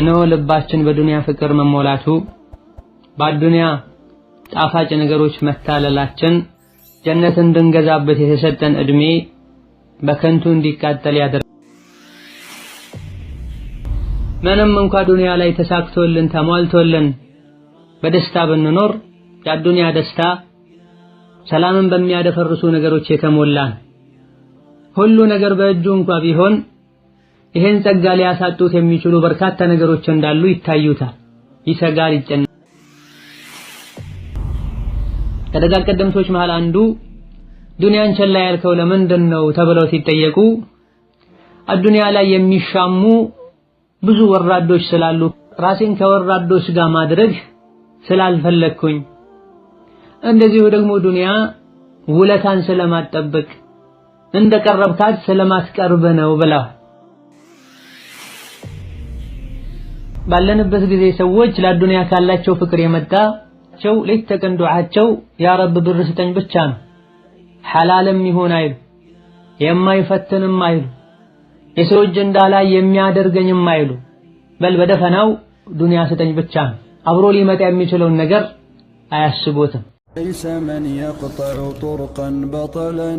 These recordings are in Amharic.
እነሆ ልባችን በዱንያ ፍቅር መሞላቱ በአዱንያ ጣፋጭ ነገሮች መታለላችን ጀነት እንድንገዛበት የተሰጠን እድሜ በከንቱ እንዲቃጠል ያደርጋል። ምንም እንኳ ዱንያ ላይ ተሳክቶልን ተሟልቶልን በደስታ ብንኖር የአዱንያ ደስታ ሰላምን በሚያደፈርሱ ነገሮች የተሞላ ሁሉ ነገር በእጁ እንኳ ቢሆን ይሄን ጸጋ ሊያሳጡት የሚችሉ በርካታ ነገሮች እንዳሉ ይታዩታል። ይሰጋል፣ ይጨነቃል። ከደጋ ቀደምቶች መሃል አንዱ ዱንያን ንቸላ ያልከው ለምንድን ነው ተብለው ሲጠየቁ አዱንያ ላይ የሚሻሙ ብዙ ወራዶች ስላሉ ራሴን ከወራዶች ጋር ማድረግ ስላልፈለግኩኝ፣ እንደዚሁ ደግሞ ዱንያ ውለታን ስለማጠበቅ እንደቀረብካት ቀረብካት ስለማትቀርብ ነው ብለዋል። ባለንበት ጊዜ ሰዎች ለአዱንያ ካላቸው ፍቅር የመጣቸው ሌት ተቀን ዱዓቸው ያ ረብ ብር ስጠኝ ብቻ ነው። ሐላልም ይሁን አይሉ፣ የማይፈትንም አይሉ፣ የሰዎች ጀንዳ ላይ የሚያደርገኝም አይሉ። በል በደፈናው ዱንያ ስጠኝ ብቻ ነው። አብሮ ሊመጣ የሚችለውን ነገር አያስቡትም። ليس من يقطع طرقا بطلا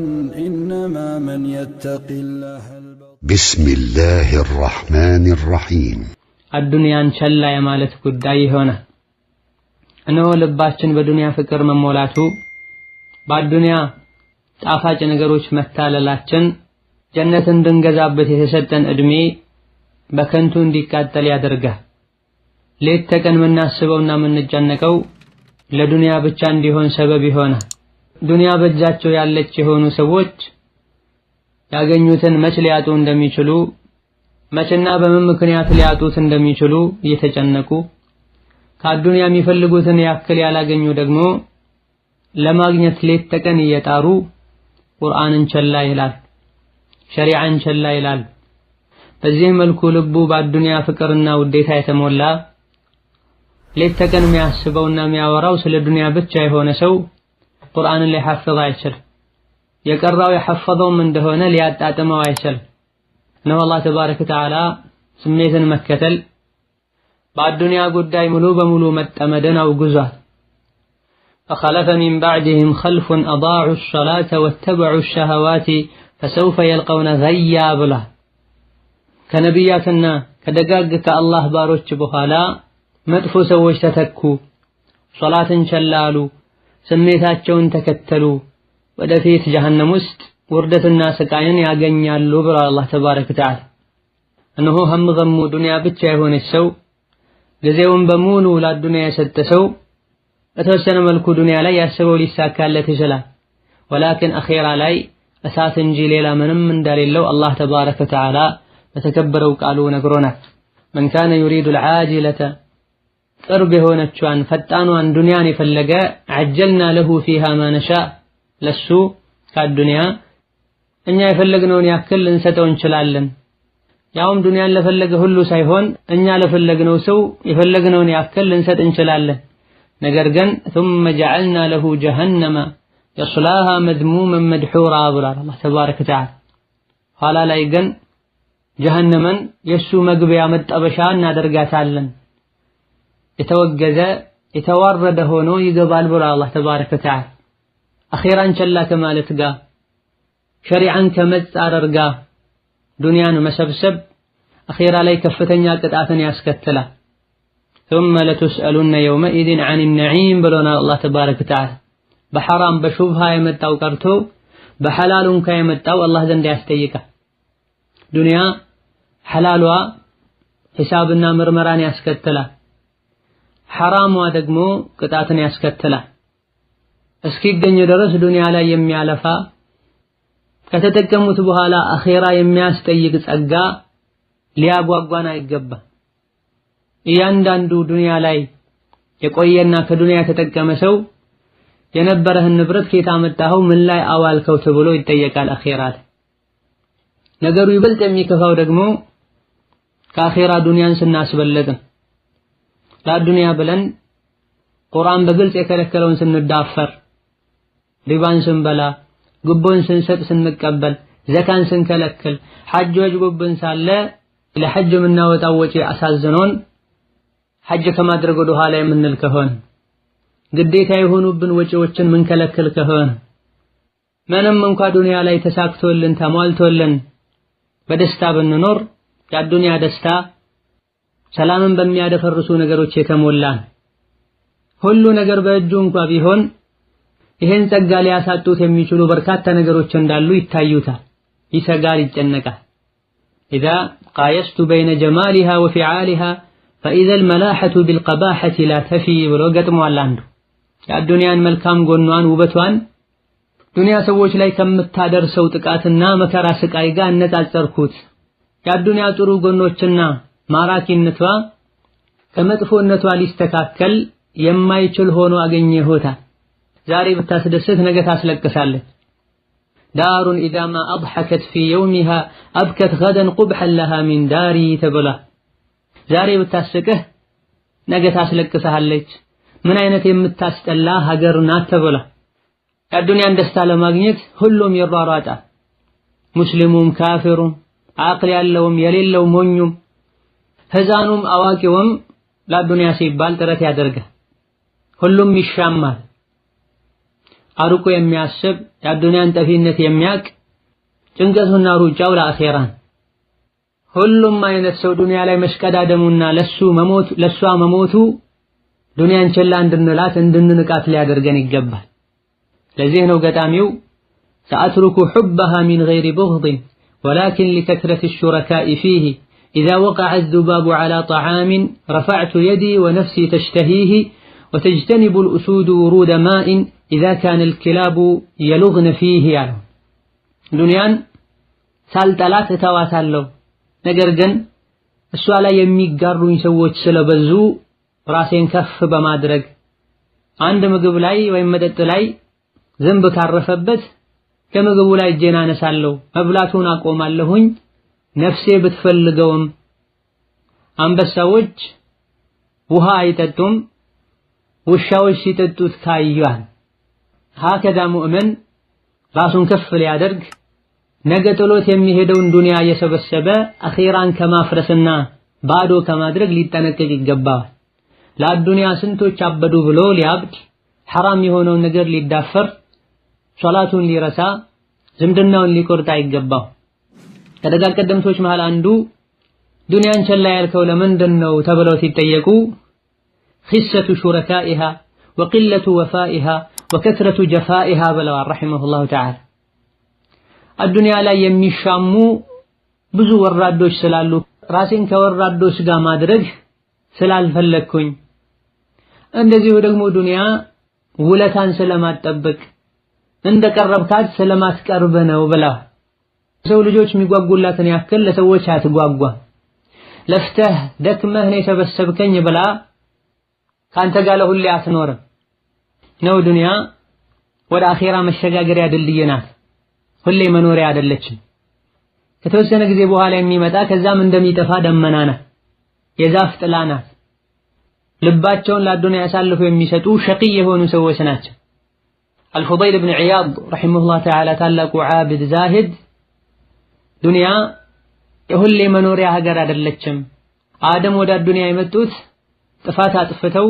إنما من يتقي الله بسم الله الرحمن الرحيم አዱንያን ቸላ የማለት ጉዳይ ይሆናል። እነሆ ልባችን በዱንያ ፍቅር መሞላቱ በአዱንያ ጣፋጭ ነገሮች መታለላችን ጀነት እንድንገዛበት የተሰጠን እድሜ በከንቱ እንዲቃጠል ያደርጋል። ሌት ተቀን የምናስበውና የምንጨነቀው ለዱንያ ብቻ እንዲሆን ሰበብ ይሆናል። ዱንያ በእጃቸው ያለች የሆኑ ሰዎች ያገኙትን መች ሊያጡ እንደሚችሉ መቼና በምን ምክንያት ሊያጡት እንደሚችሉ እየተጨነቁ ከአዱንያ የሚፈልጉትን ያክል ያላገኙ ደግሞ ለማግኘት ሌት ተቀን እየጣሩ ቁርአንን ቸላ ይላል፣ ሸሪዓን ቸላ ይላል። በዚህ መልኩ ልቡ በአዱንያ ፍቅርና ውዴታ የተሞላ ሌት ተቀን የሚያስበውና የሚያወራው ስለ ዱንያ ብቻ የሆነ ሰው ቁርአንን ሊሐፍዝ አይችል። የቀራው የሐፈዘውም እንደሆነ ሊያጣጥመው አይችል። ነው አላህ ተባረከ ተዓላ ስሜትን መከተል በአዱንያ ጉዳይ ሙሉ በሙሉ መጠመድን አውግዟል። ፈኸለፈ ሚን ባዕድህም ኸልፉን አዳዑ ሰላተ ወተበዑ ሸሃዋቲ ፈሰውፈ የልቀውነ ገያ ብሏል። ከነቢያትና ከደጋግ ከአላህ ባሮች በኋላ መጥፎ ሰዎች ተተኩ፣ ሶላትን ቸላሉ፣ ስሜታቸውን ተከተሉ፣ ወደፊት ጀሀነም ውስጥ وردت الناس سكاين يا جنيا اللوبر الله تبارك وتعالى انه هم غمو دنيا بتشاي هون السو جزيون بمونو لا الدنيا ستسو اتوسن ملك دنيا لا يا سو التي ساكال ولكن اخيرا لاي اساس انجي ليلا من من دليلو الله تبارك وتعالى فتكبروا قالوا نقرونا من كان يريد العاجلة قرب هنا تشوان فتانو عن دنيا نفلقا عجلنا له فيها ما نشاء لسو كالدنيا እኛ የፈለግነውን ያክል ልንሰጠው እንችላለን። ያውም ዱንያን ለፈለገ ሁሉ ሳይሆን እኛ ለፈለግነው ሰው የፈለግነውን ያክል ልንሰጥ እንችላለን። ነገር ግን ثم جعلنا له جهنم يصلاها مذموما مدحورا ብሏል አላህ ተባረከ ወተዓላ። ኋላ ላይ ግን ጀሀነመን የእሱ መግቢያ መጠበሻ እናደርጋታለን። የተወገዘ የተዋረደ ሆኖ ይገባል ብሏል አላህ ተባረከ ወተዓላ። አኼራን ቸላ ከማለት ጋር ሸሪዓን ከመጽ አደርጋ ዱንያን መሰብሰብ አኼራ ላይ ከፍተኛ ቅጣትን ያስከትላል። ثم لتسألن يومئذ عن النعيم ብሎናል አላህ ተባረከ ወተዓላ። በሐራም በሹብሃ የመጣው ቀርቶ በሐላሉ እንኳ የመጣው አላህ ዘንድ ያስጠይቃል። ዱንያ ሐላሏ ሂሳብና ምርመራን ያስከትላል። ሐራሟ ደግሞ ቅጣትን ያስከትላል። እስኪገኝ ድረስ ዱንያ ላይ የሚያለፋ ከተጠቀሙት በኋላ አኼራ የሚያስጠይቅ ጸጋ ሊያጓጓን አይገባ። እያንዳንዱ ዱንያ ላይ የቆየና ከዱንያ የተጠቀመ ሰው የነበረህን ንብረት ከየት አመጣኸው፣ ምን ላይ አዋልከው ተብሎ ይጠየቃል አኼራ ላይ። ነገሩ ይበልጥ የሚከፋው ደግሞ ከአኼራ ዱንያን ስናስበለጥን ለአዱንያ ብለን ቁርአን በግልጽ የከለከለውን ስንዳፈር፣ ሪባን ስንበላ ጉቦን ስንሰጥ ስንቀበል፣ ዘካን ስንከለክል፣ ሐጅ ወጅቦብን ሳለ ለሐጅ የምናወጣው ወጪ አሳዝኖን ሐጅ ከማድረግ ወደ ኋላ የምንል ከሆን ግዴታ የሆኑብን ወጪዎችን ምንከለክል ከሆን ምንም እንኳ ዱንያ ላይ ተሳክቶልን ተሟልቶልን በደስታ ብንኖር የአዱንያ ደስታ ሰላምን በሚያደፈርሱ ነገሮች የተሞላን ሁሉ ነገር በእጁ እንኳ ቢሆን ይሄን ጸጋ ሊያሳጡት የሚችሉ በርካታ ነገሮች እንዳሉ ይታዩታል። ይሰጋል፣ ይጨነቃል። ኢዛ ቃየስቱ በይነ ጀማሊሃ ወፊዓሊሃ ፈኢዘል መላሐቱ ቢልቀባሐቲ ላ ተፊ ብሎ ገጥሟል። አንዱ የአዱንያን መልካም ጎኗን ውበቷን ዱንያ ሰዎች ላይ ከምታደርሰው ጥቃትና መከራ ስቃይ ጋር አነጻጸርኩት። የአዱንያ ጥሩ ጎኖችና ማራኪነቷ ከመጥፎነቷ ሊስተካከል የማይችል ሆኖ አገኘሁታል። ዛሬ ብታስደስት ነገ ታስለቅሳለች። ዳሩን ኢዳማ አድሐከት ፊ የውሚሃ አብከት ገደን ቁብሐን ለሃ ሚን ዳሪ ተብላ ዛሬ ብታስቅህ ነገ ታስለቅስሃለች። ምን አይነት የምታስጠላ ሀገር ናት ተብላ የአዱንያን ደስታ ለማግኘት ሁሉም ይሯሯጣል። ሙስሊሙም፣ ካፊሩም፣ አቅል ያለውም የሌለው ሞኙም፣ ህፃኑም፣ አዋቂውም ለአዱንያ ሲባል ጥረት ያደርጋል። ሁሉም ይሻማል። አርቆ የሚያስብ የአዱንያን ጠፊነት የሚያቅ ጭንቀቱና ሩጫው ለአኼራ ሁሉም አይነት ሰው ዱንያ ላይ መሽቀዳደሙና ለሱ መሞቱ ለሷ መሞቱ ዱንያን ችላ እንድንላት እንድንንቃት ሊያደርገን ይገባል። ለዚህ ነው ገጣሚው سأترك حبها من غير بغض ولكن لكثرة الشركاء فيه إذا وقع الذباب على طعام رفعت يدي ونفسي تشتهيه وتجتنب الأسود ورود ماء ኢዛ ካን ልኪላቡ የሉግነ ፊህ ያለው ዱንያን ሳልጠላት እተዋታለሁ፣ ነገር ግን እሷ ላይ የሚጋሩኝ ሰዎች ስለበዙ ራሴን ከፍ በማድረግ አንድ ምግብ ላይ ወይም መጠጥ ላይ ዝንብ ካረፈበት ከምግቡ ላይ እጄን አነሳለሁ፣ መብላቱን አቆማለሁኝ። ነፍሴ ብትፈልገውም አንበሳዎች ውሃ አይጠጡም፣ ውሻዎች ሲጠጡት ካዩአል። ሀከዛ ሙእመን ራሱን ከፍ ሊያደርግ ነገ ጥሎት የሚሄደውን ዱንያ እየሰበሰበ አኼራን ከማፍረስና ባዶ ከማድረግ ሊጠነቀቅ ይገባዋል። ለአዱንያ ስንቶች አበዱ ብሎ ሊያብድ፣ ሐራም የሆነውን ነገር ሊዳፈር፣ ሶላቱን ሊረሳ፣ ዝምድናውን ሊቆርጥ አይገባው። ከደጋግ ቀደምቶች መሃል አንዱ ዱንያን ቸላ ያልከው ለምንድን ነው ተብለው ሲጠየቁ ኺሰቱ ሹረካኢሃ ወቂለቱ ወፋኢሃ ወከስረቱ ጀፋኢሃ ብለዋል ረሒመሁላሁ ተዓላ። አዱንያ ላይ የሚሻሙ ብዙ ወራዶች ስላሉ ራሴን ከወራዶች ጋር ማድረግ ስላልፈለግኩኝ፣ እንደዚሁ ደግሞ ዱንያ ውለታን ስለማጠበቅ እንደ ቀረብካት ነው ብለዋል። ሰው ልጆች የሚጓጉላትን ያክል ለሰዎች አትጓጓ። ለፍተህ ደክመህ ነው የሰበሰብከኝ ብላ ካንተ ጋር ለሁሌ አትኖርም። ነው ዱንያ ወደ አኼራ መሸጋገሪያ ድልድይ ናት። ሁሌ መኖሪያ አይደለችም። ከተወሰነ ጊዜ በኋላ የሚመጣ ከዛም እንደሚጠፋ ደመና ናት፣ የዛፍ ጥላ ናት። ልባቸውን ለአዱንያ አሳልፎ የሚሰጡ ሸቂ የሆኑ ሰዎች ናቸው። አልፉደይል ብን ዒያድ ረሒመሁላህ ተዓላ ታላቁ ዓብድ ዛሂድ ዱንያ የሁሌ መኖሪያ ሀገር አይደለችም። አደም ወደ አዱንያ የመጡት ጥፋት አጥፍተው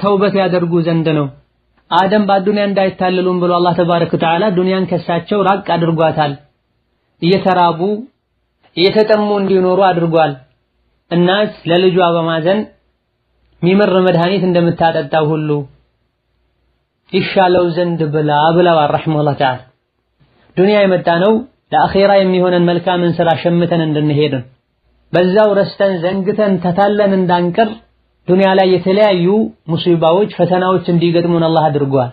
ተውበት ያደርጉ ዘንድ ነው። አደም በአዱንያ እንዳይታለሉም ብሎ አላህ ተባረከ ወተዓላ ዱንያን ከሳቸው ራቅ አድርጓታል። እየተራቡ እየተጠሙ እንዲኖሩ አድርጓል። እናት ለልጇ በማዘን ሚመር መድኃኒት እንደምታጠጣው ሁሉ ይሻለው ዘንድ ብላ ብለዋል ረሒመሁላህ ተዓላ። ዱንያ የመጣ ነው ለአኼራ የሚሆነን መልካምን ስራ ሸምተን እንድንሄድን በዛው ረስተን ዘንግተን ተታለን እንዳንቀር ዱንያ ላይ የተለያዩ ሙሲባዎች፣ ፈተናዎች እንዲገጥሙን አላህ አድርጓል።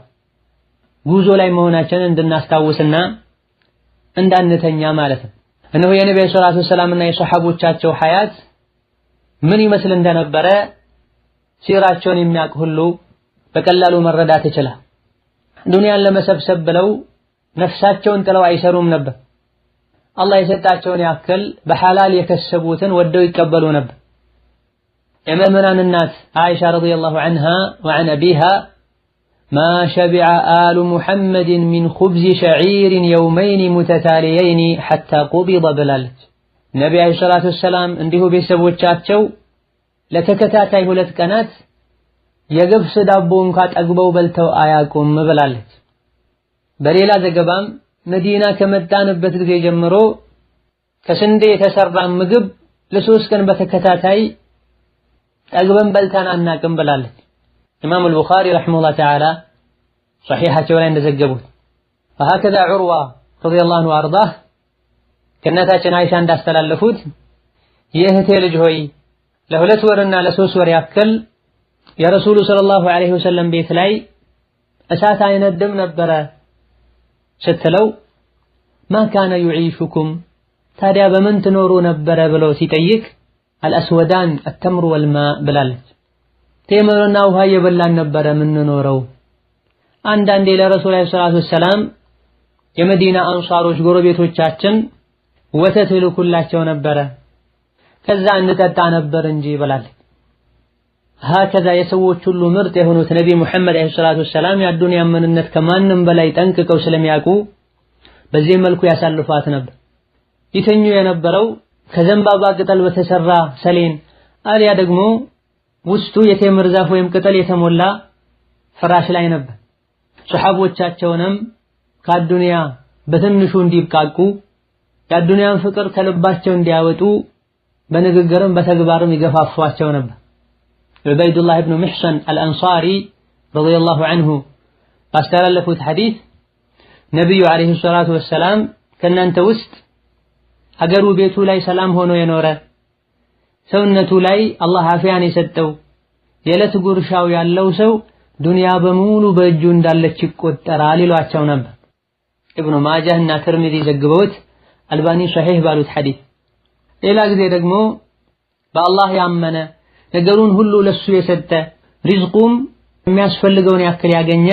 ጉዞ ላይ መሆናችንን እንድናስታውስና እንዳንተኛ ማለት ነው። እነሆ የነቢዩ ሰለላሁ ዐለይሂ ወሰላምና የሰሐቦቻቸው ሐያት ምን ይመስል እንደነበረ ሲራቸውን የሚያውቅ ሁሉ በቀላሉ መረዳት ይችላል። ዱንያን ለመሰብሰብ ብለው ነፍሳቸውን ጥለው አይሰሩም ነበር። አላህ የሰጣቸውን ያክል በሐላል የከሰቡትን ወደው ይቀበሉ ነበር። إمام الناس عائشة رضي الله عنها وعن أبيها ما شبع آل محمد من خبز شعير يومين متتاليين حتى قبض بلالت نبي عليه الصلاة والسلام انديه بيسبو الشاتشو لتكتاتي هلت كانت يقف سدابون كات أقبو بلتو آياكم مبلالت بريلا زقبام مدينة كمدان بتدك كسندي تسرع مقب لسوس كان بتكتاتي أجبن بلتان أنا ناكم بلالك إمام البخاري رحمه الله تعالى صحيحة شوالين نزقبوت فهكذا عروة رضي الله عنه وارضاه كنتا چن عائشة عند استلالفوت يهتي لجهوي له لتورنا لسوس ورياكل يا رسول صلى الله عليه وسلم بيثلاي أساتا يندم نبرة ستلو ما كان يعيشكم تاريا بمن تنورو نبرة بلو سيتيك አልአስወዳን አተምር ወልማ ብላለች። ቴምርና ውሃ እየበላን ነበረ የምንኖረው። አንዳንዴ ለረሱል ዐለይሂ ሰላቱ ወሰላም የመዲና አንሷሮች ጎረቤቶቻችን ወተት ይልኩላቸው ነበረ፣ ከዛ እንጠጣ ነበር እንጂ ብላለች። ሀከዛ የሰዎች ሁሉ ምርጥ የሆኑት ነቢ ሙሐመድ ዐለይሂ ሰላቱ ወሰላም የአዱንያ ምንነት ከማንም በላይ ጠንቅቀው ስለሚያውቁ በዚህ መልኩ ያሳልፏት ነበር። ይተኙ የነበረው ከዘንባባ ቅጠል በተሰራ ሰሌን አሊያ ደግሞ ውስጡ የቴምር ዛፍ ወይም ቅጠል የተሞላ ፍራሽ ላይ ነበር። ሰሐቦቻቸውንም ከአዱንያ በትንሹ እንዲብቃቁ የአዱንያን ፍቅር ከልባቸው እንዲያወጡ በንግግርም በተግባርም ይገፋፏቸው ነበር። ዑበይዱላህ ብኑ ምሕሰን አልአንሳሪ ረዲየላሁ አንሁ ባስተላለፉት ሐዲስ ነቢዩ ዐለይሂ ሰላቱ ወሰላም ከእናንተ ውስጥ ሀገሩ ቤቱ ላይ ሰላም ሆኖ የኖረ ሰውነቱ ላይ አላህ አፍያን የሰጠው የዕለት ጉርሻው ያለው ሰው ዱንያ በሙሉ በእጁ እንዳለች ይቆጠራል ይሏቸው ነበር። ኢብኑ ማጃህ እና ትርሚዚ ዘግበውት አልባኒ ሰሒህ ባሉት ሐዲስ። ሌላ ጊዜ ደግሞ በአላህ ያመነ ነገሩን ሁሉ ለሱ የሰጠ ሪዝቁም የሚያስፈልገውን ያክል ያገኘ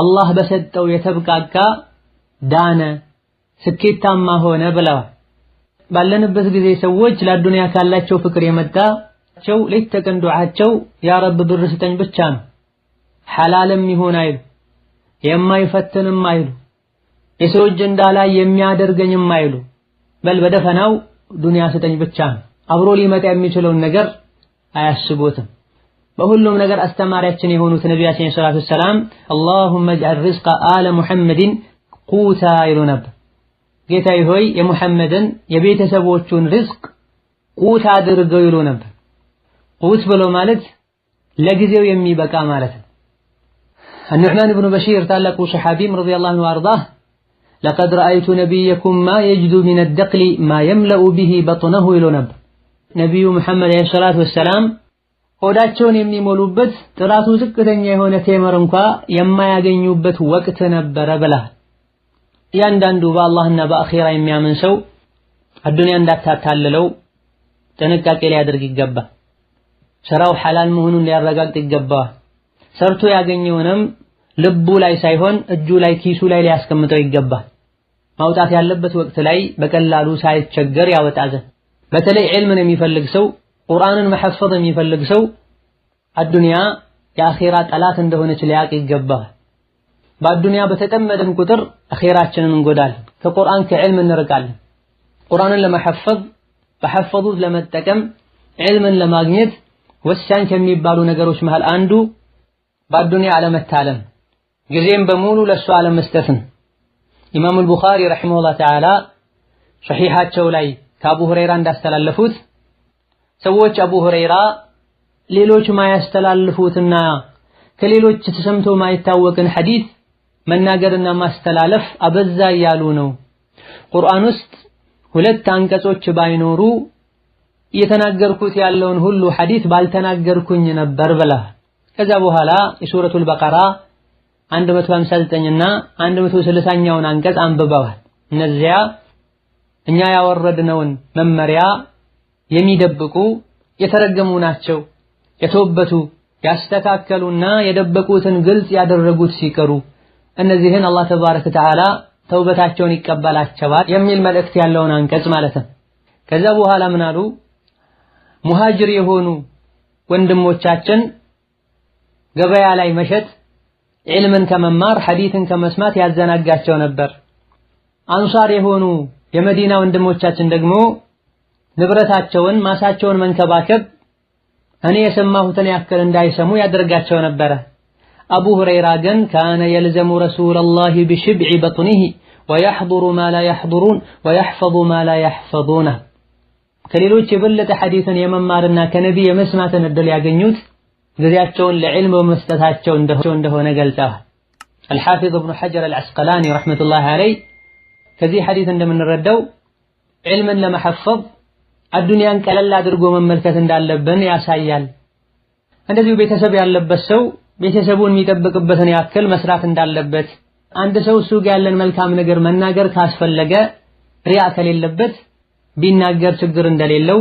አላህ በሰጠው የተብቃቃ ዳነ፣ ስኬታማ ሆነ ብለዋል። ባለንበት ጊዜ ሰዎች ለአዱንያ ካላቸው ፍቅር የመጣቸው ሌት ተቀን ዱዓቸው ያ ረብ ብር ስጠኝ ብቻ ነው። ሐላልም ይሁን አይሉ፣ የማይፈትንም አይሉ፣ የሰዎች ጀንዳ ላይ የሚያደርገኝም አይሉ። በል በደፈናው ዱንያ ስጠኝ ብቻ ነው። አብሮ ሊመጣ የሚችለውን ነገር አያስቡትም። በሁሉም ነገር አስተማሪያችን የሆኑት ነቢያችን ሰላቱ ሰላም አላሁመ ጅዐል ሪዝቀ አለ ሙሐመድን ቁታ ይሉ ነበር። ጌታይ ሆይ የሙሐመድን የቤተሰቦቹን ርዝቅ ቁት አድርገው ይሉ ነበር። ቁት ብሎ ማለት ለጊዜው የሚበቃ ማለት ነው። አኑዕማን ብኑ በሺር ታላቁ ሰሓቢም ረዲየላሁ ዐንሁ ወአርዳህ ለቀድ ረአይቱ ነቢየኩም ማ የጅዱ ሚነ ደቅሊ ማ የምለኡ ቢሂ በጥነሁ ይሉ ነበር። ነቢዩ መሐመድ ዐለይሂ ሰላቱ ወሰላም ሆዳቸውን የሚሞሉበት ጥራቱ ዝቅተኛ የሆነ ቴምር እንኳ የማያገኙበት ወቅት ነበረ ብለሃል። እያንዳንዱ በአላህና በአኼራ የሚያምን ሰው አዱንያ እንዳታታልለው ጥንቃቄ ሊያደርግ ይገባ። ስራው ሐላል መሆኑን ሊያረጋግጥ ይገባ። ሰርቶ ያገኘውንም ልቡ ላይ ሳይሆን እጁ ላይ፣ ኪሱ ላይ ሊያስቀምጠው ይገባ። ማውጣት ያለበት ወቅት ላይ በቀላሉ ሳይቸገር ያወጣ ዘንድ። በተለይ ዕልምን የሚፈልግ ሰው፣ ቁርአንን መሐፈዝ የሚፈልግ ሰው አዱንያ የአኼራ ጠላት እንደሆነች ሊያቅ ይገባ። በአዱንያ በተጠመድን ቁጥር አኼራችንን እንጎዳለን። ከቁርአን ከዕልም እንርቃለን። ቁርአንን ለመሐፈዝ በሐፈዙት ለመጠቀም ዕልምን ለማግኘት ወሳኝ ከሚባሉ ነገሮች መሃል አንዱ በአዱንያ አለመታለም፣ ጊዜም በሙሉ ለእሱ አለመስጠትን። ኢማሙል ቡኻሪ ረሒመሁላህ ተዓላ ሰሒሓቸው ላይ ከአቡ ሁረይራ እንዳስተላለፉት ሰዎች አቡ ሁረይራ ሌሎች ማያስተላልፉትና ከሌሎች ተሰምቶ ማይታወቅን ሐዲት መናገርና ማስተላለፍ አበዛ እያሉ ነው። ቁርአን ውስጥ ሁለት አንቀጾች ባይኖሩ እየተናገርኩት ያለውን ሁሉ ሐዲስ ባልተናገርኩኝ ነበር ብላ። ከዛ በኋላ የሱረቱል በቀራ 159 እና 160ኛውን አንቀጽ አንብበዋል። እነዚያ እኛ ያወረድነውን መመሪያ የሚደብቁ የተረገሙ ናቸው። የተወበቱ ያስተካከሉና የደበቁትን ግልጽ ያደረጉት ሲቀሩ እነዚህን አላህ ተባረከ ወተዓላ ተውበታቸውን ይቀበላቸዋል የሚል መልእክት ያለውን አንቀጽ ማለት ነው። ከዛ በኋላ ምን አሉ? ሙሃጅር የሆኑ ወንድሞቻችን ገበያ ላይ መሸጥ ዒልምን ከመማር ሐዲትን ከመስማት ያዘናጋቸው ነበር። አንሷር የሆኑ የመዲና ወንድሞቻችን ደግሞ ንብረታቸውን ማሳቸውን መንከባከብ እኔ የሰማሁትን ያክል እንዳይሰሙ ያደርጋቸው ነበረ። አቡ ሁረይራ ግን ካነ የልዘሙ ረሱለላሂ ቢሽብዒ በጥኒሂ ወያሕضሩ ማ ላ ያሕضሩን ወያሕፈظ ማ ከሌሎች የበለጠ ሐዲትን የመማርና ከነቢይ የመስማትን እድል ያገኙት ጊዜያቸውን ለዕልም በመስጠታቸው እንደሆነ ገልጸዋል። አልሓፊዝ እብኑ ሐጀር አልዐስቀላኒ ረሕመቱላሂ ዓለይህ ከዚህ ሐዲት እንደምንረዳው ዕልምን ለመሐፈዝ አዱንያን ቀለል አድርጎ መመልከት እንዳለብን ያሳያል። እንደዚሁ ቤተሰብ ያለበት ሰው ቤተሰቡን የሚጠብቅበትን ያክል መስራት እንዳለበት አንድ ሰው እሱ ጋር ያለን መልካም ነገር መናገር ካስፈለገ ሪያ ከሌለበት ቢናገር ችግር እንደሌለው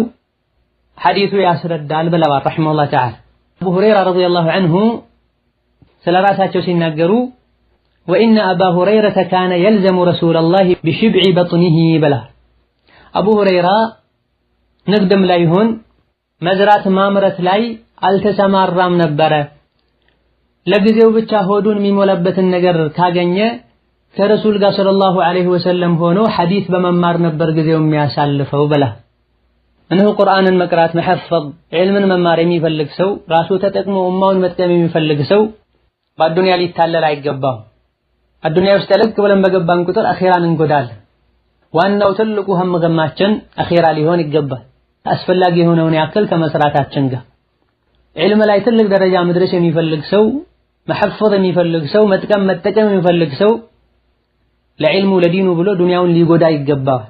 ሐዲቱ ያስረዳል ብለዋል ረሒመሁላህ ተዓላ። አቡ ሁረይራ ረዲየላሁ ዐንሁ ስለ ራሳቸው ሲናገሩ ወኢነ አባ ሁረይረተ ካነ የልዘሙ ረሱለላሂ ቢሽብዒ በጥኒሂ ብለዋል። አቡ ሁረይራ ንግድም ላይ ይሁን መዝራት ማምረት ላይ አልተሰማራም ነበረ ለጊዜው ብቻ ሆዱን የሚሞላበትን ነገር ካገኘ ከረሱል ጋር ሰለላሁ ዐለይሂ ወሰለም ሆኖ ሐዲስ በመማር ነበር ጊዜው የሚያሳልፈው ብላ እነሆ ቁርአንን መቅራት መሐፈዝ ዕልምን መማር የሚፈልግ ሰው ራሱ ተጠቅሞ ኡማውን መጥቀም የሚፈልግ ሰው በአዱንያ ሊታለል አይገባም። አዱንያ ውስጥ ጠለቅ ብለን በገባን ቁጥር አኼራን እንጎዳለን። ዋናው ትልቁ ህምገማችን አኼራ ሊሆን ይገባል። አስፈላጊ የሆነውን ያክል ከመስራታችን ጋር ዒልም ላይ ትልቅ ደረጃ መድረስ የሚፈልግ ሰው መሐፈዝ የሚፈልግ ሰው መጥቀም መጠቀም የሚፈልግ ሰው ለዕልሙ ለዲኑ ብሎ ዱንያውን ሊጎዳ ይገባል።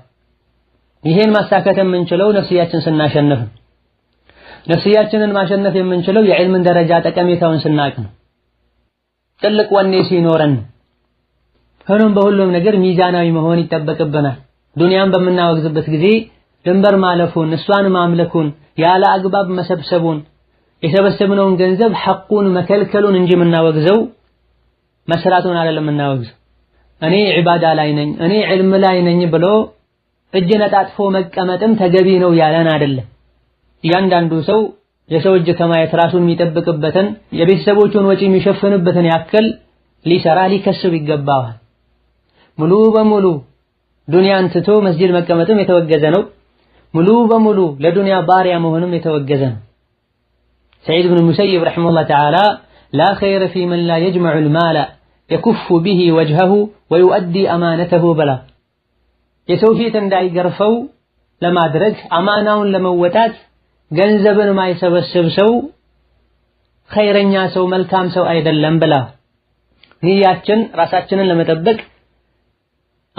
ይሄን ማሳከት የምንችለው ነፍስያችን ስናሸንፍ፣ ነፍስያችንን ማሸነፍ የምንችለው የዕልምን ደረጃ ጠቀሜታውን ስናቅ ነው። ትልቅ ወኔ ሲኖረን፣ ሆኖም በሁሉም ነገር ሚዛናዊ መሆን ይጠበቅብናል። ዱንያን በምናወግዝበት ጊዜ ድንበር ማለፉን፣ እሷን ማምለኩን፣ ያለ አግባብ መሰብሰቡን የሰበሰብነውን ገንዘብ ሐቁን መከልከሉን እንጂ የምናወግዘው መስራቱን አይደለም የምናወግዘው። እኔ ዒባዳ ላይ ነኝ፣ እኔ ዕልም ላይ ነኝ ብሎ እጅ ነጣጥፎ መቀመጥም ተገቢ ነው ያለን አይደለም። እያንዳንዱ ሰው የሰው እጅ ከማየት ራሱን የሚጠብቅበትን የቤተሰቦቹን ወጪ የሚሸፍንበትን ያክል ሊሰራ ሊከስብ ይገባዋል። ሙሉ በሙሉ ዱንያን ትቶ መስጂድ መቀመጥም የተወገዘ ነው። ሙሉ በሙሉ ለዱንያ ባሪያ መሆንም የተወገዘ ነው። ሰዒድ ብን ሙሰይብ ረሒመሁላህ ተዓላ ላ ኸይረ ፊ መን ላ የጅመዑል ማላ የኩፉ ቢሂ ወጅሀሁ ወዩአዲ አማነተሁ ብላ የሰው ፊት እንዳይገርፈው ለማድረግ አማናውን ለመወጣት ገንዘብን ማይሰበስብ ሰው ኸይረኛ ሰው መልካም ሰው አይደለም ብላ ንያችን ራሳችንን ለመጠበቅ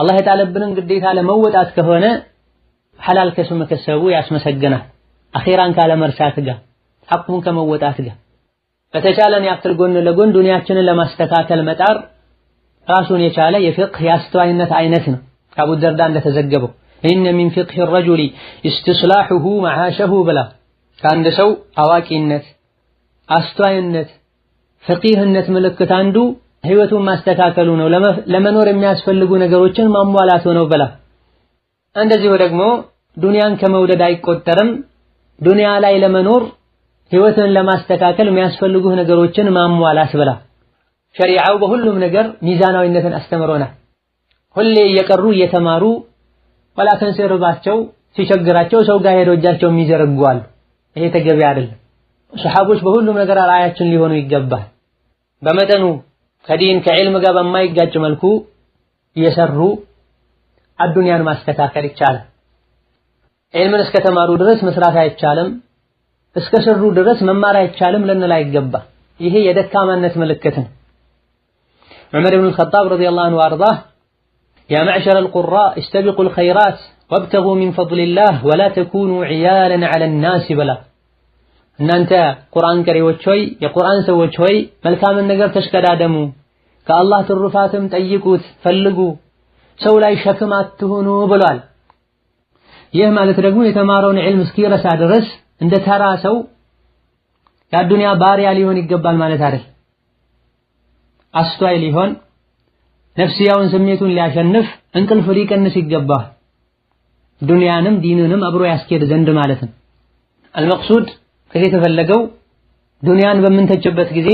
አላህ የጣለብንን ግዴታ ለመወጣት ከሆነ ሐላል ከሱ መከሰቡ ያስመሰግናል። አኼራን ካለመርሳት ጋር ሐቁን ከመወጣት ጋር በተቻለን ያክል ጎን ለጎን ዱንያችንን ለማስተካከል መጣር ራሱን የቻለ የፍቅህ የአስተዋይነት አይነት ነው። ከአቡ ደርዳ እንደተዘገበው ኢነ ሚን ፊቅህ ረጁሊ ኢስቲስላሑሁ መዓሸሁ ብላ ከአንድ ሰው አዋቂነት፣ አስተዋይነት፣ ፈቂህነት ምልክት አንዱ ህይወቱን ማስተካከሉ ነው፣ ለመኖር የሚያስፈልጉ ነገሮችን ማሟላቱ ነው ብላ እንደዚሁ ደግሞ ዱንያን ከመውደድ አይቆጠርም ዱንያ ላይ ለመኖር ህይወትን ለማስተካከል የሚያስፈልጉህ ነገሮችን ማሟላት ብላ ሸሪዓው በሁሉም ነገር ሚዛናዊነትን አስተምሮናል። ሁሌ እየቀሩ እየተማሩ ወላ ሲርባቸው ሲቸግራቸው ሰው ጋር ሄዶ እጃቸው የሚዘረጓሉ። ይሄ ተገቢ አይደለም። ሰሓቦች በሁሉም ነገር አርአያችን ሊሆኑ ይገባል። በመጠኑ ከዲን ከዕልም ጋር በማይጋጭ መልኩ እየሰሩ አዱንያን ማስተካከል ይቻላል። ዕልምን እስከተማሩ ድረስ መስራት አይቻልም። እስከ ስሩ ድረስ መማር አይቻልም ልንል አይገባ። ይሄ የደካማነት ምልክት ነው። ዑመር ብን አልኸጣብ ረዲየላሁ ዐንሁ ወአርዳህ ያ መዕሸረ አልቁራ እስተቢቁ አልኸይራት ወብተጉ ሚን ፈድሊላህ ወላ ተኩኑ ዕያለን ዐለ ናስ ብላ እናንተ ቁርአን ቀሪዎች ሆይ የቁርአን ሰዎች ሆይ መልካምን ነገር ተሽቀዳደሙ፣ ከአላህ ትሩፋትም ጠይቁት፣ ፈልጉ፣ ሰው ላይ ሸክም አትሁኑ ብሏል። ይህ ማለት ደግሞ የተማረውን ዒልም እስኪረሳ ድረስ እንደ ተራ ሰው የአዱንያ ባሪያ ሊሆን ይገባል ማለት አይደል። አስተዋይ ሊሆን ነፍስያውን ስሜቱን ሊያሸንፍ እንቅልፍ ሊቀንስ ይገባል። ዱንያንም ዲንንም አብሮ ያስኬድ ዘንድ ማለት ነው። አልመቅሱድ ከዚህ የተፈለገው ዱንያን በምንተችበት ጊዜ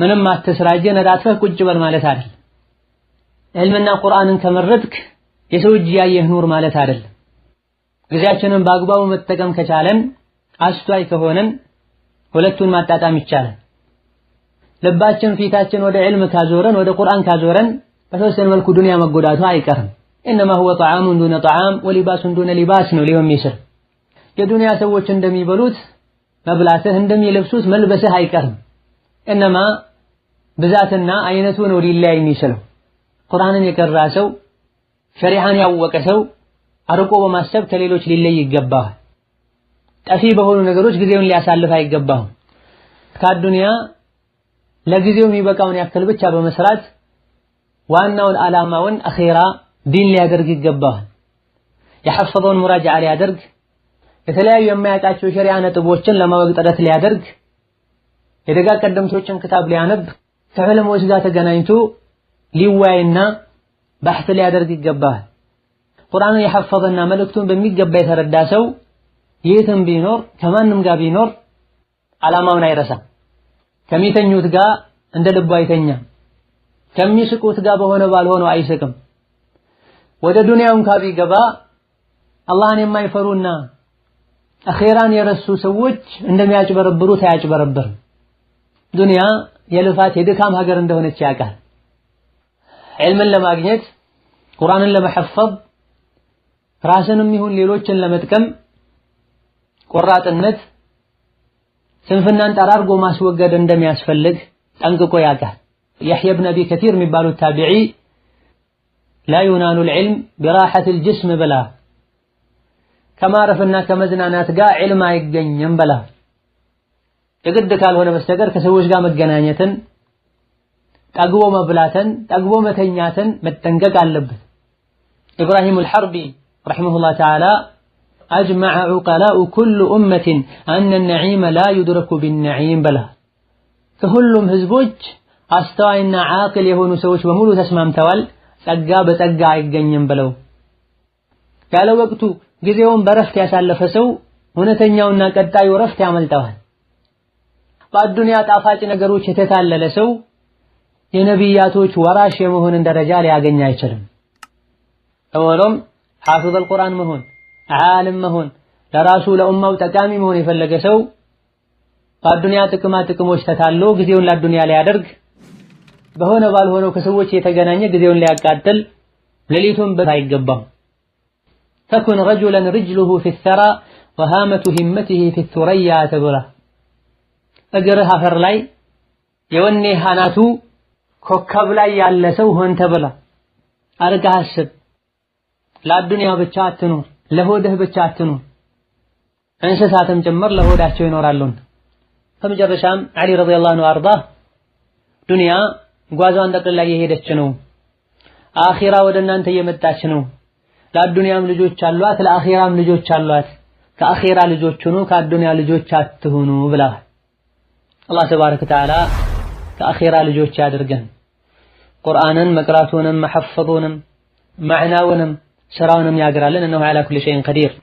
ምንም አትስራጀ ነዳትፈህ ቁጭ በል ማለት አይደል። ዕልምና ቁርአንን ከመረጥክ የሰው እጅ ያየህ ኑር ማለት አይደል። ጊዜያችንን በአግባቡ መጠቀም ከቻለን አስቷይ ከሆነን ሁለቱን ማጣጣም ይቻላል። ልባችን ፊታችን ወደ ዕልም ካዞረን ወደ ቁርአን ካዞረን በተወሰነ መልኩ ዱንያ መጎዳቱ አይቀርም። ኢነማ ሁወ ጣዓሙን ዱነ ጣዓም ወሊባሱን ዱነ ሊባስ ነው ሊሆን የሚችል የዱንያ ሰዎች እንደሚበሉት መብላትህ እንደሚለብሱት መልበስህ አይቀርም። እነማ ብዛትና አይነቱ ነው ሊለያይ የሚችለው። ቁርአንን የቀራ ሰው ሸሪዓን ያወቀ ሰው አርቆ በማሰብ ከሌሎች ሊለይ ይገባል። ጠፊ በሆኑ ነገሮች ጊዜውን ሊያሳልፍ አይገባም። ከአዱንያ ለጊዜው የሚበቃውን ያክል ብቻ በመስራት ዋናውን ዓላማውን አኼራ ዲን ሊያደርግ ይገባል። የሐፈዘውን ሙራጃዓ ሊያደርግ የተለያዩ የማያውቃቸው የሸሪዓ ነጥቦችን ለማወቅ ጥረት ሊያደርግ የደጋ ቀደምቶችን ክታብ ሊያነብ ከዕለሞች ጋር ተገናኝቶ ሊወያይና ባሕት ሊያደርግ ይገባል። ቁርአንን የሐፈዘና መልእክቱን በሚገባ የተረዳ ሰው የትም ቢኖር ከማንም ጋር ቢኖር ዓላማውን አይረሳም። ከሚተኙት ጋር እንደ ልቡ አይተኛም። ከሚስቁት ጋር በሆነ ባልሆነ አይስቅም። ወደ ዱንያውን ካ ቢገባ አላህን የማይፈሩና አኼራን የረሱ ሰዎች እንደሚያጭበረብሩት አያጭበረብርም። ዱንያ የልፋት የድካም ሀገር እንደሆነች ያውቃል። ዕልምን ለማግኘት ቁርአንን ለመሐፈዝ ራስንም ይሁን ሌሎችን ለመጥቀም ቆራጥነት ስንፍናን ጠራርጎ ማስወገድ እንደሚያስፈልግ ጠንቅቆ ያውቃል። የሕያ ብን አቢ ከቲር የሚባሉት ታቢዒ ላ ዩናኑል ዒልም ቢራሐቲል ጅስም ብላ ከማረፍና ከመዝናናት ጋር ዒልም አይገኝም ብላ የግድ ካልሆነ በስተቀር ከሰዎች ጋር መገናኘትን፣ ጠግቦ መብላትን፣ ጠግቦ መተኛትን መጠንቀቅ አለበት። ኢብራሂም ሐርቢ ረሒመሁላህ ተዓላ አጅመዐ ዑቀላኡ ኩሉ ኡመትን አነ ነዒመ ላ ዩድረኩ ቢነዒም ብለሃል። ከሁሉም ህዝቦች አስተዋይና ዓቅል የሆኑ ሰዎች በሙሉ ተስማምተዋል ጸጋ በጸጋ አይገኝም ብለው ያለ ወቅቱ ጊዜውን በረፍት ያሳለፈ ሰው እውነተኛውና ቀጣዩ ረፍት ያመልጠዋል። በአዱንያ ጣፋጭ ነገሮች የተታለለ ሰው የነቢያቶች ወራሽ የመሆንን ደረጃ ሊያገኝ አይችልም። ሆኖም ሐፊዘል ቁርአን መሆን ዓለም መሆን ለራሱ ለኡማው ጠቃሚ መሆን የፈለገ ሰው በአዱንያ ጥቅማ ጥቅሞች ተታሎ ጊዜውን ለአዱንያ ሊያደርግ በሆነ ባልሆነው ከሰዎች የተገናኘ ጊዜውን ሊያቃጥል ሌሊቱን በት አይገባም። ተኩን ረጁለን ርጅሉሁ ፊሰራ ወሃመቱ ሂመትህ ፊሱረያ ተብላ እግርህ አፈር ላይ የወኔ አናቱ ኮከብ ላይ ያለ ሰው ሆን ተብላ አርጋ አስብ። ለአዱንያ ብቻ አትኑ፣ ለሆድህ ብቻ አትኑ። እንስሳትም ጭምር ለሆዳቸው ይኖራሉን። በመጨረሻም ዓሊ ረዲየላሁ ዐንሁ አርዳ ዱንያ ጓዟን ጠቅልላ እየሄደች ነው፣ አኺራ ወደ እናንተ እየመጣች ነው። ለአዱንያም ልጆች አሏት፣ ለአኺራም ልጆች አሏት። ከአኺራ ልጆች ሁኑ፣ ከአዱንያ ልጆች አትሁኑ ብለዋል። አላህ ተባረከ ወተዓላ ከአኺራ ልጆች ያድርገን። ቁርአንን መቅራቱንም መሐፈዙንም ማዕናውንም سراونم يا جرالن انه على كل شيء قدير